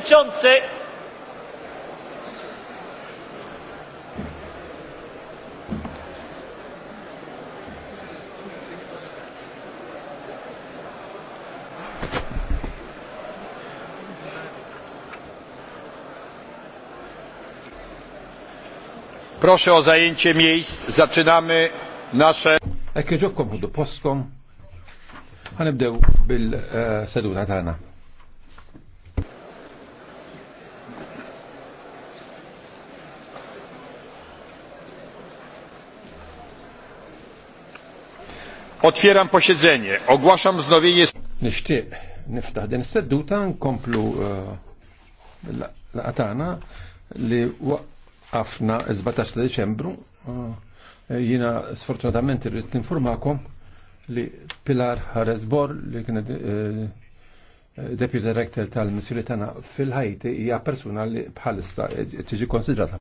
Przewodniczący! Proszę o zajęcie miejsc. Zaczynamy nasze... Ekk ġobkom ħuddu postkom, ħanibdew bil-seduta eh, tana. Otwieram posiedzenie. Ogłaszam wznowienie. Nishtiq, niftaħ din is-sedduta nkomplu eh, l-qatana li waqafna 17 Deċembru. Eh, jina sfortunatament irrid informakom li Pilar Haresbor li kien eh, deputy director tal-missjoni tagħna fil-Ħajti hija persuna li bħalissa tiġi konsidrata